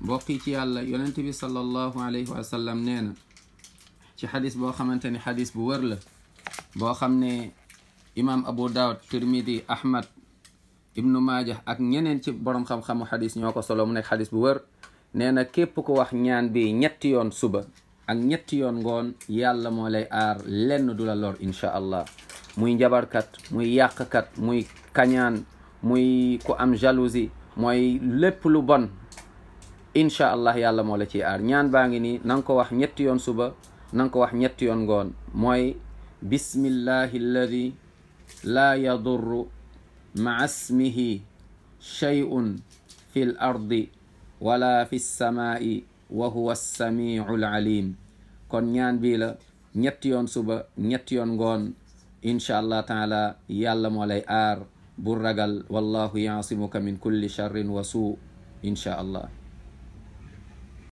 bokk yi ci yàlla yonent bi sallallahu alayhi wa sallam nee na ci xadis boo xamante ni xadis bu wër la boo xam ne imaam abu daawud tirmidi ahmad ibnu maaja ak ñeneen ci borom xam-xamu xadis ñoo ko solo mu nekk xadis bu wër nee na képp ku wax ñaan bi ñetti yoon suba ak ñetti yoon ngoon yàlla moo lay aar lenn du la lor incha allah muy njabarkat muy yàqkat muy kañaan muy ku am jalousie mooy lépp lu bon incha allah yàlla moo la ciy aar ñaan baa ngi nii na nga ko wax ñetti yoon suba na nga ko wax ñetti yoon ngoon mooy bismillahi alladi laa yadurru maa ismihi shay'un fi l ardi wala fi lsamaai wa huwa alsamiu alalim kon ñaan bii la ñetti yoon suba ñetti yoon ngoon incha allah taala yàlla moo lay aar bu ragal wallahu yaasimuka min kulli charrin wa suu incha allah